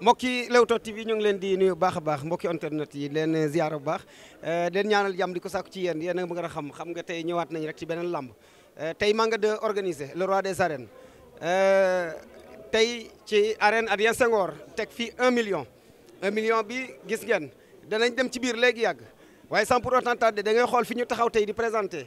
mbokki Leewtoo TV ñoo ngi leen di nuyu baax a baax mbokki internet yi leen ziyaara bu baax eh, leen ñaanal jàmm di ko sàkku ci yéen yéen a nga a xam xam nga tey ñëwaat nañ rek ci beneen làmb eh, tey Manga 2 organisé le roi des arènes eh, tey ci arène Adrien Senghor teg fii 1 million 1 million bi gis ngeen danañ dem ci biir léegi yàgg waaye sans pour autant tarder da ngay xool fi ñu taxaw tey di présenté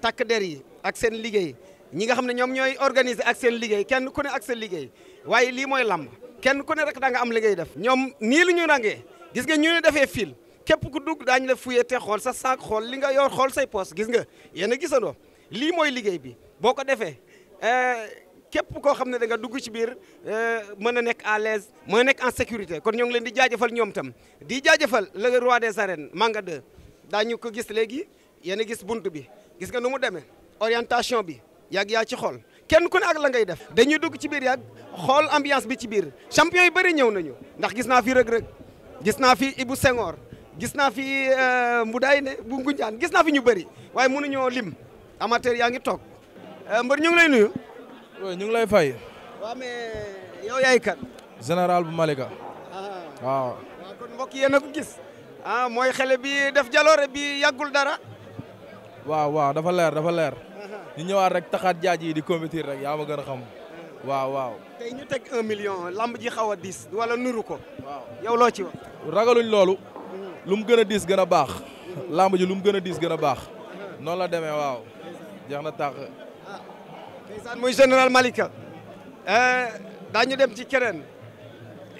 takk der yi ak seen liggéey ñi nga xam ne ñoom ñooy organiser ak seen liggéey kenn ku ne ak seen liggéey waaye lii mooy làmb kenn ku ne rek danga am li ngay def ñoom nii lu ñu rangee gis nga ñu ne defee fil képp ku dugg daañu la fuyee te xool sa saak xool li nga yor xool say poos gis nga yéen a gisandoo lii mooy liggéey bi boo ko defee eh, képp koo xam ne da nga dugg ci biir eh, mën a nekk à l'aise mën a nekk en sécurité kon ñoo ngi leen di jaajëfal ñoom tam di jaajëfal le roi des arènes Manga 2 daañu ko gis léegi yéen a gis bunt bi gis nga nu mu demee orientation bi yàgg yaa ci xool kenn ku ne ak la ngay def dañuy dugg ci biir yàgg xool ambiance bi ci biir champion yi bëri ñëw nañu ndax gis naa fi rëg-rëg gis naa fi bu Senghor gis naa fi euh, Mbudaay ne bu Ngunjaan gis naa fi ñu bëri waaye mun mënuñoo lim amateur yaa ngi toog euh, mbër ñu lay nuyu. waaw ñu ngi lay fay. waaw mais yow yaay kan. général bu Malika. Ah. waaw. mbokk yéen a gis ah mooy xele bi def jaloore bi yàggul dara. waaw waaw dafa leer dafa leer. ñu ñëwaat rek taxaat jaaj yi di compétir rek yaa ma gën a xam waaw waaw. te ñu un million lamb ji xaw a diis wala nuru ko. waaw yow loo ci wax. ragaluñ loolu. Hmm. lu mu gën a diis gën a baax. lamb ji lu mu gën a diis gën a baax. noonu la demee waaw. jeex na tàq. ah ndeysaan muy général Malika. Eh, daañu dem ci keneen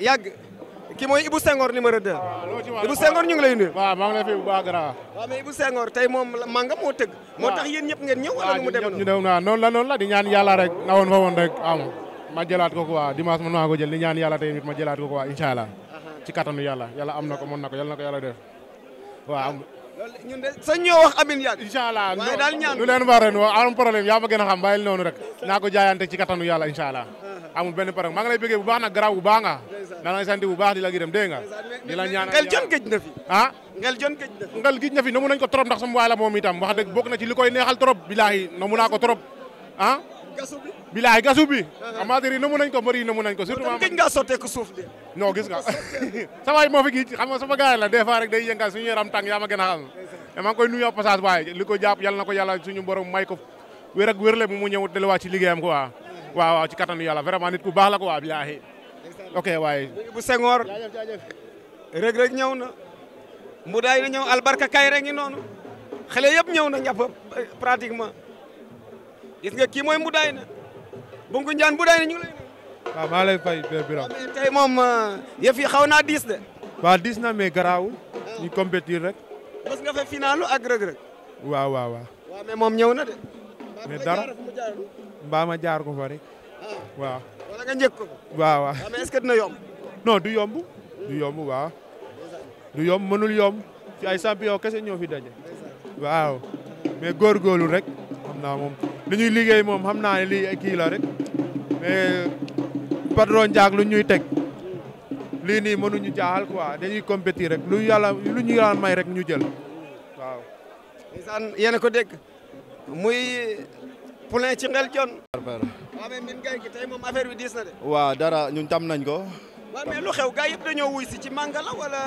yàgg. ki mooy Ibou Senghor numéro 2. Ah, Ibou Senghor ñu ngi lay maa ngi lay fi bu baax grand. waaw mais Ibou Senghor tey manga moo tëgg. moo ah. tax yéen ñëpp ngeen ñëw wala ah, nu mu la noonu la di ñaan yàlla rek nawoon fa woon rek am ma jëlaat ko quoi dimanche man maa ko jël di ñaan yàlla tey nit ma ko quoi incha allah. Uh-huh. ci kattanu yàlla am na ko mën na ko yàlla na ko def waaw. ñun de sañ ñoo wax amin yàlla. incha allah waaye daal ñaan lu leen war ren am problème yaa ma gën a xam bàyyil noonu rek naa ko jaayante ci kattanu yàlla incha allah uh-huh. amul benn problème maa ngi lay bëggee bu baax nag garaaw bu baax nga maa ngi sant bu baax di la gërëm dégg nga. ngel jon gëj na fi. ah ngel jon gëj na fi. ngel gëj na fi nomu nañ ko trop ndax sama waay la moom itam wax dëgg bokk na ci li koy neexal trop bilaahi nomu naa ko trop ah. gasu bi bilaahi gasu bi. Ah, ah. amateur yi nomu nañ ko mbër yi nomu nañ ko surtout. gëj ngaa sotteeku suuf de. non gis nga sa waay moo nga la des fois rek day yëngal suñu yaram tàng yaa ma gën a koy nuyu passage waaye li ko jàpp ko yàlla suñu borom may ko wér ak wérle mu mu ñëw delluwaat ci liggéeyam quoi ok waaye. bu Senghor. Reug Reug ñëw na. Mbudaay na ñëw albarka Kayre ngi noonu. xale yëpp ñëw na ñàpp pratiquement. gis nga kii mooy Mbudaay na. Bungu Njaan Mbudaay na ñu maa lay fay Père Birame. Ah, tey moom euh, yëf xaw naa diis de. waaw diis na mais garaawul. Ah. ñu compétir rek. mës nga fa finalu ak Reug Reug. waaw waaw waaw. waaw moom ñëw na de. mais dara mbaa ma jaar ko fa rek waaw. wala nga njëkk ko. waaw ah, yomb. non du yomb. du yomb waaw. du yomb mënul yomb fi ay champion kese ñoo fi daje. waaw mais góorgóorlu rek xam naa moom li ñuy liggéey moom xam naa ne lii kii la rek mais patron Ndiak lu ñuy teg lii nii mënuñu jaaxal quoi dañuy compétir rek lu yàlla lu ñu yàlla may rek ñu jël poulain ci ngel jon waaw dara ñun tam nañ ko. waaw mais lu xew gars yëpp dañoo wuy si ci manga la wala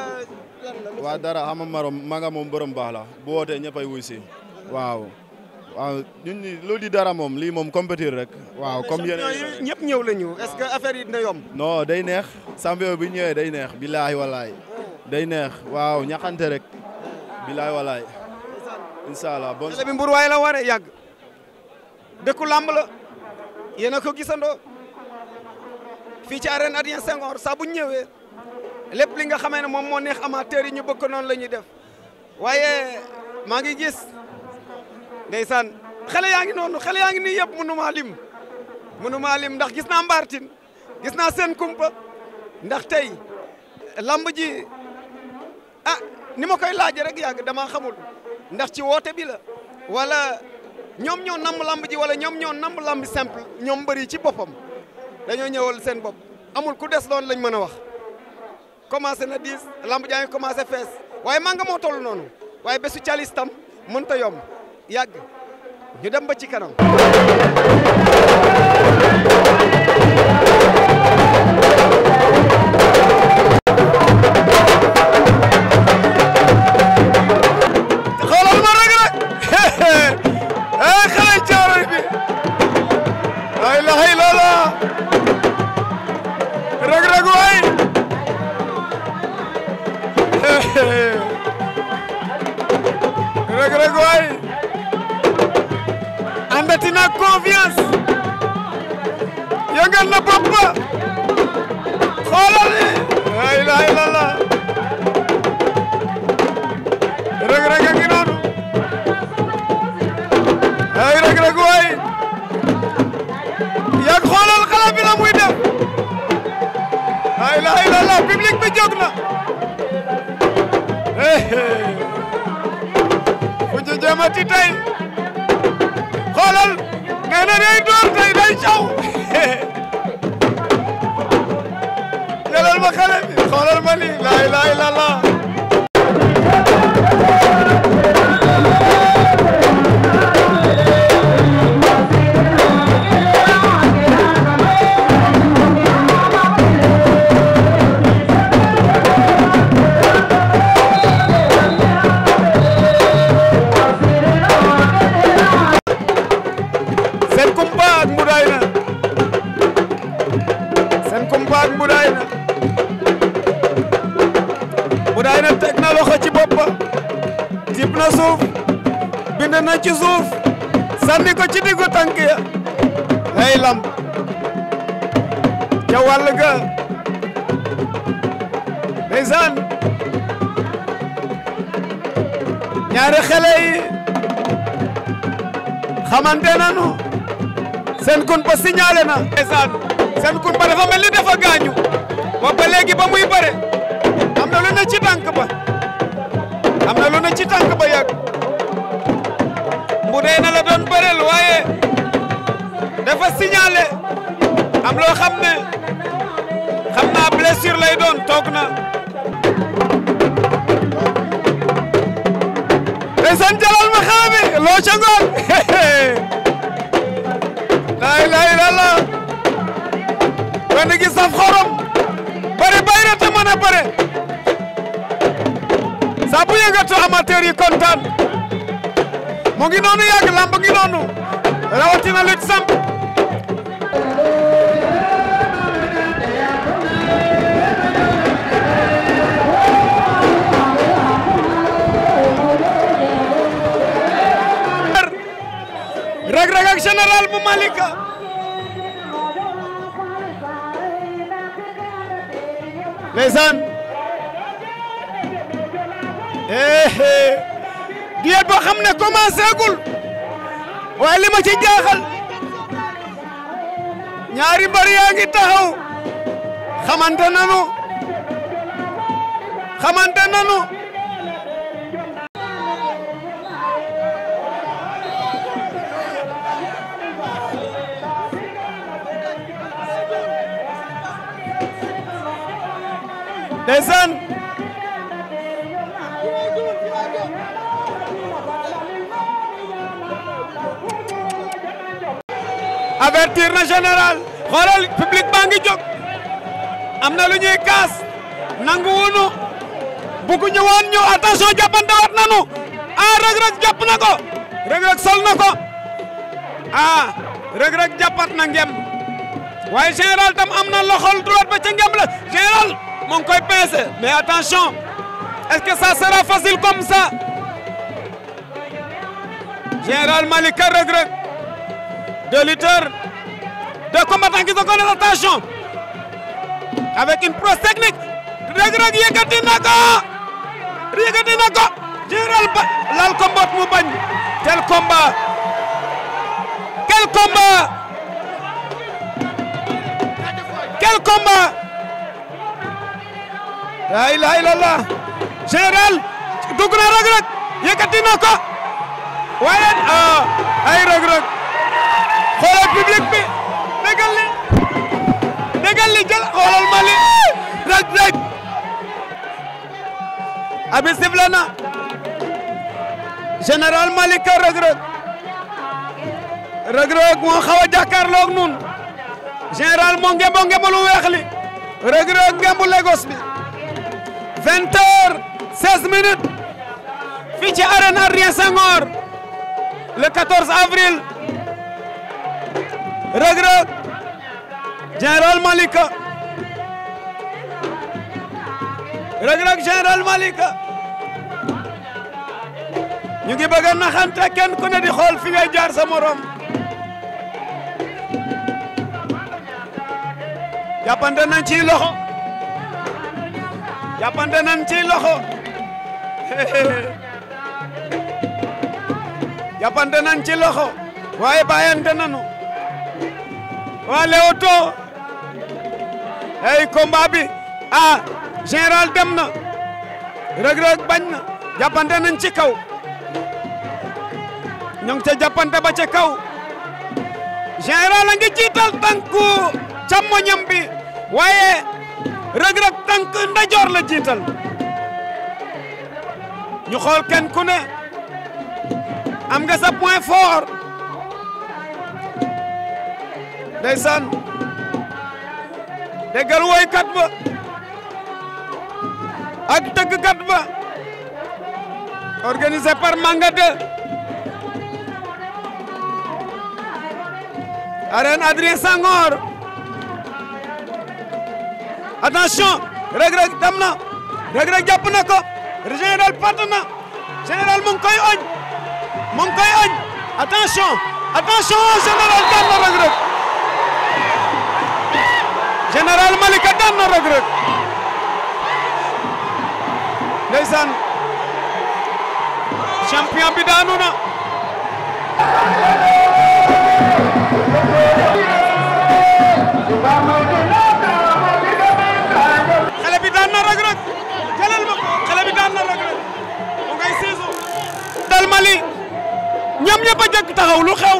lan dara xam nga marom manga moom borom baax la bu wootee ñëppay wuy si waaw. waaw ñun loolu di dara moom lii moom compétir rek. waaw comme yeneen ñëpp ñëw la ñu est-ce que affaire yi day neex champion bi ñëwee day neex bilaay walaay. day neex waaw ñaxante rek bilaay walaay. incha allah bon. bi mbur la waree yàgg. dëkku làmb la yéen a ko gisandoo fii ci arène Adrien Senghor bu ñu ñëwee lépp li nga xamee ne moom moo neex amateur yi ñu noonu la ñuy def waaye maa ngi gis ndeysaan xale yaa ngi noonu xale yaa ngi nii yëpp mënu maa lim mënu maa ndax gis naa mbaartin gis naa seen kumpa ndax tey lamb ji a ah, ni ma koy laaj rek yàgg dama xamul ndax ci woote bi la ñoom ñoo namb lamb ji wala ñoom ñoo namb lamb simple ñoom mbëri ci boppam dañoo ñëwal seen bopp amul ku des loolu lañ mën a wax commencé na diis lamb jaa ngi commencé fees waaye manga moo toll noonu waaye bésu calis tam mënta yomb yàgg ñu dem ba ci kanam la ilaha illallah Reug Reug a noonu ay Reug Reug waay yak xoolal bi la muy def la ilaha illallah public bi jóg na fu ñu jëmati tey xoolal nee na day door tey day caw ma xale bi xoolal ma lii laa ilaaha illallaah na ci suuf sànni ko ci diggu tànk ya hey lamb ca ga ndeysaan ñaari xale xamante nanu seen kun ba signalé na ndeysaan seen kun ba dafa mel ni dafa gaañu ba ba léegi ba muy bare am na lu ne ci tànk ba am na lu ne ci tànk ba yàgg Mbu Reyna la doon bëreel waaye dafa signalé am loo xam ne xam naa blessure lay doon toog na. ndeysaan jalal ma xale loo ca ngoon laa ilaaha illallaah gone gi xorom bëri bay na te mën a bëre saa bu yëngatu mu ngi noonu yàgg làmb ngi noonu rawatina lit samp Reug Reug ak général bu Malika ndeysaan eh, eh. duel boo xam ne commencé gul waaye li ma ci jaaxal ñaari mbër ngi taxaw xamante nanu avertir na général xoolal public baa jóg am na lu ñuy kaas nangu wunu bugu ñëwoon ñëw attention jàppante wat nanu ah Reug Reug jàpp na ko Reug sol na ko ah Reug Reug na ngem waaye général tam am na loxol droite ba ca ngem la général moo koy pince mais attention est-ce que ça sera facile comme Malika Reug deux lutteurs deux combattants qui se connaissent attention avec une prouesse technique Reug Reug yëkkati na ko yëkkati na ko général ba lal ko mbot bañ tel combat quel combat quel combat la ilaha illallah général dugg na Reug Reug yëkkati na ko waaye ah, ay Reug Reug xoolal public bi déggal li déggal li jël xoolal ma li rek rek abi sifle na Ka Reug Reug Reug Reug moo xaw a jàkkaarloog nun général moo ngembo ngembolu weex li Reug Reug ngembu bi vingt seize minutes fii ci arène Adrien le avril Reug Reug Général Malika Reug Reug ñu ngi bëgg a naxante kenn ku ne di xool fi ngay jaar sa morom jàppante nañ ci loxo jàppante nañ ci loxo jàppante nañ ci loxo waaye bàyyante nañu waa Leewtoo ay combat bi a ah, général dem na rëg-rëg bañ na jàppante nañ ci kaw ñoo ca jàppante ba ca kaw général a ngi jiital tànku càmmoñam bi waaye rëg-rëg tànk ndajoor la jiital ñu xool kenn ku ne am nga sa point fort ndeysaan déggal woykat ba ak tëggkat ba organisé par Manga 2 arène Adrien Senghor attention Reug Reug dem na na ko général patt na général mu ngi koy oñ mu ngi koy oñ attention général Malika daan na Reug Reug champion bi daanu na xale bi daan na Reug Reug ma xale bi daan na Reug dal Mali ñoom ñëpp a jëkk taxaw lu xew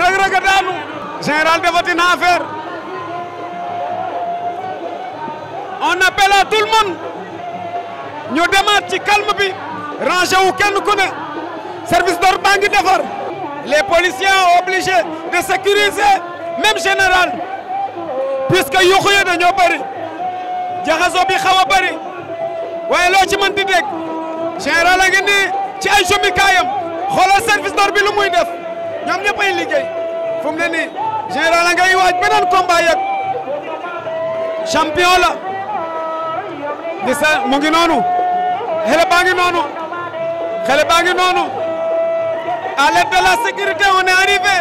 Reug Reug a daanu général defati na affaire on appelle à tout le monde demaat ci calme bi rangé wu kenn ku ne service d'ordre baa ngi defar les policiers sont obligés de sécuriser même général puisque yuxu yi dañoo bëri jaxasoo bi xaw a bëri waaye loo ci mën di dégg général a ngi nii ci ay jumtukaayam xoolal service d'ordre bi lu muy def ñoom ñëpp ay liggéey fu ne nii général a ngay waaj beneen la. di sa noonu xele baa noonu xele de la sécurité on est arrivé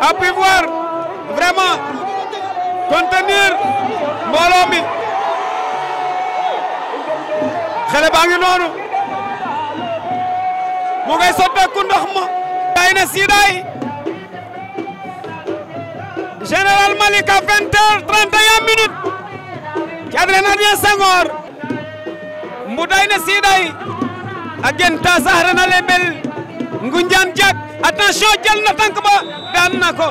à pouvoir vraiment contenir mbooloo mi xele noonu mu ngay sotteeku ndox ma bàyyi na siidaay général Malick à vingt heures trente et ci adrénaline Senghor mbuday ne siiday a gen ta saxre na lebel ngunjaan jak attention jël na tànk ba daan na ko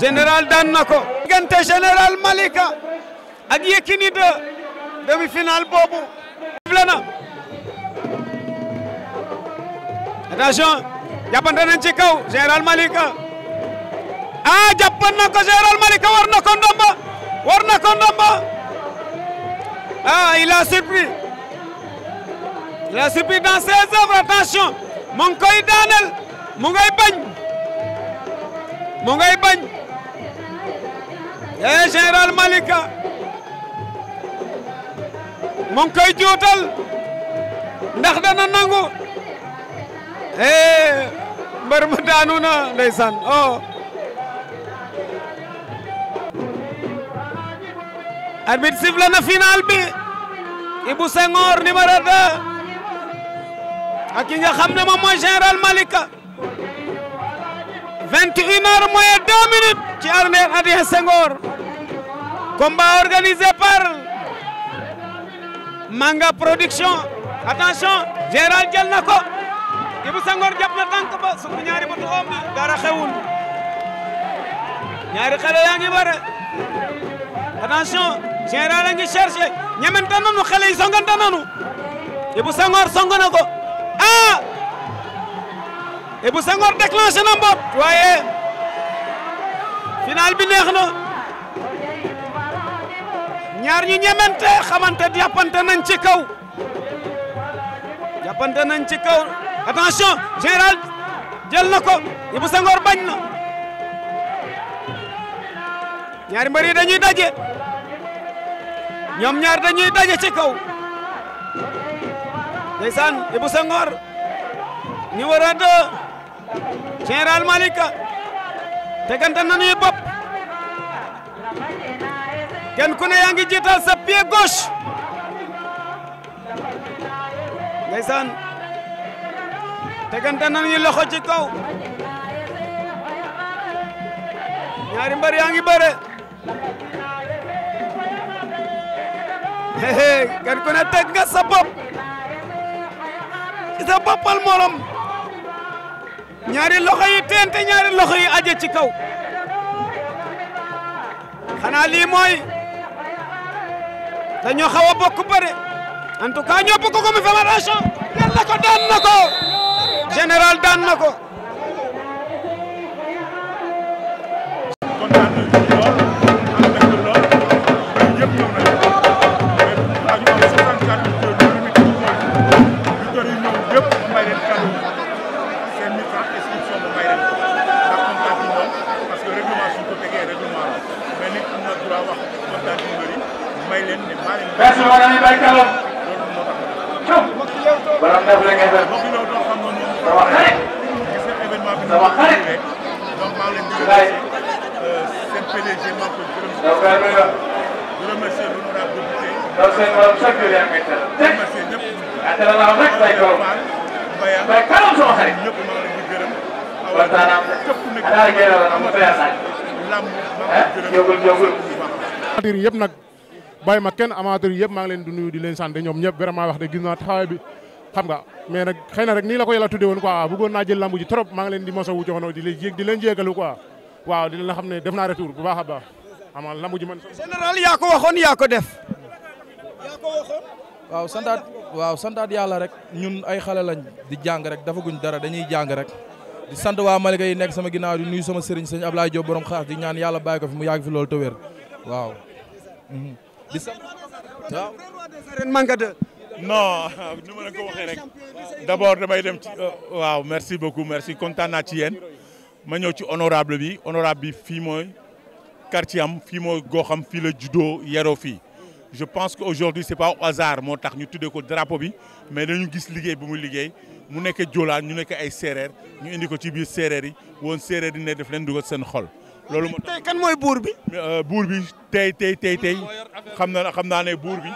général daan Malika ak Yekini demi-finale boobu lana attention jàppante nañ ci kaw général Malika ah jàppan na ko Général Malika war na ko war na ko ndomba ah il a surpris il a surpris dans attention mu koy daaneel mu ngay bañ mu ngay bañ eh Général Malika mu koy juutal ndax dana nangu eh mbër mu daanu na ndeysaan oh. arbitre sifflé na final bi Ibou Senghor numéro 2 ak ki nga xam ne moom mooy général Malika 21 heures mooy 2 minutes ci arène Adrien Senghor combat organisé par Manga Production attention général jël na ko Ibou Senghor jàpp na tànk ba suuf ñaari batu oom na dara ñaari xale yaa ngi bare attention général a ngi cherché ñamante nanu xale yi songante nanu Ibou Senghor song na ko ah Ibou Senghor déclenché na mboot waaye final bi neex na ñaar ñi xamante jàppante nañ ci kaw jàppante nañ ci kaw attention jël na ko Ibou Senghor bañ na ñaari mbër yi dañuy daje ñoom ñaar dañuy daje ci kaw ndeysaan Ibou Senghor numéro 2 général Malika na nañuy bopp kenn ku ne yaa ngi jiital sa pied gauche ndeysaan tegante nañuy loxo ci kaw ñaari mbër yaa ngi bëre kenn ku ne teg nga sa bopp sa boppal ñaari loxo yi teente ñaari loxo yi aje ci kaw xanaa lii mooy dañoo xaw a bokk bëre en tout ñoo bokk ko mi Fédération. yàlla ko daan na ko daan na ko. Bethio war nañu béy kàllaam. borom def la ngay def. sama xarit. sama xarit. Ndiaye. donc daal di la. donc seen borom chaque jour yaa ngi koy tëral. ah tëral naa rek béy kàllaam. béy kàllaam sama xarit. kontaan naa am. Adaar Gueye la woon am na Péa Sane. ah yëgul yëgul. yëpp nag. bàyyi ma kenn amateur yëpp maa ngi leen di nuyu di leen sant ñoom ñëpp vraiment wax de gis naa taxawaay bi xam nga mais nag xëy rek nii la ko yàlla tudde woon quoi bëggoon naa jël lamb ji trop maa ngi leen di mosawu coono di waaw di xam ne def naa retour bu a baax ama lamb ji man. général yaa ko waxoon yaa ko def. yaa waaw santaat yàlla rek ñun ay xale lañ di jàng rek dafa guñ dara dañuy jàng rek di sant waa Malika yi nekk sama ginnaaw di nuyu sama sëriñ sëñ Ablaye Diop borom xaas di ñaan yàlla bàyyi ko fi mu yàgg fi loolu te wér waaw. Mhm. di sant waaw. non ni ma leen ko waxee rek d' abord damay dem ci. Euh, waaw merci beaucoup merci kontaan naa ci yéen ma ñëw ci honorable bi honorable bi fii mooy quartier am fii mooy goxam fii la juddoo yeroo fii. je pense que aujourd'hui c'est pas au hasard moo tax ñu tuddee ko drapeau bi mais dañu gis liggéey bi muy liggéey mu nekk Joola ñu nekk ay séeréer ñu indi ko ci biir séeréer yi woon séeréer yi ne def leen dugal seen xol. loolu moo tey kan mooy buur bi. Euh, buur bi tey tey tey tey xam na xam naa ne buur bi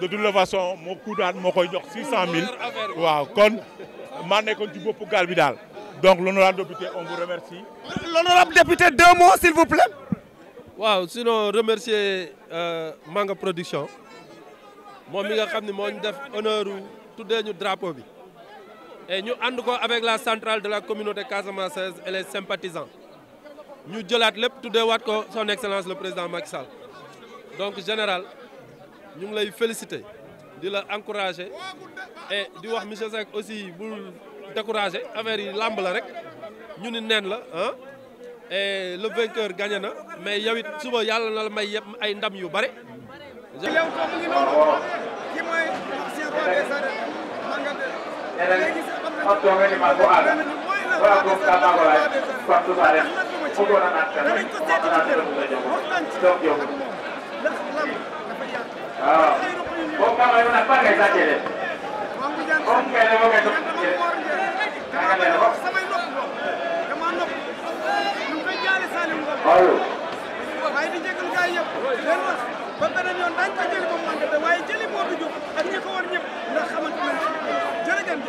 de toute façon moo ku moo koy jox cent mille waaw kon maa nekkoon ci bopp gaal bi daal. donc l'honorable député on vous remercie. l'honorable député deux mots s'il vous plaît. waaw sinon remercier euh, Manga Production moom mi nga xam ne moo ñu def honneur tuddee ñu drapeau bi. e ñu ànd ko avec la centrale de la communauté casamançaise et les sympathisants. ñu jëlaat lépp tuddeewaat ko son excellence le président Macky Sall donc général ñu ngi lay félicité di la encourager et di wax monsieur Seck aussi bul décourager affaire yi làmb la rek ñu ni neen la ah et le vainqueur gagné na mais yow it suba yàlla na la may yëpp ay ndam yu bare. bëggoon a naan kan rek moo ko naan doon la jox donc yow waaw boobu maa ngi lay wax nag maa ngi lay sàccee moom kay ne ma koy topp jërëjëf maa ngi lay wax. allo. ba beneen yoon daañu ko jëli ba mu ànd waaye jëli moo du jóg ak ñi ko war ñëpp ndax xamante ne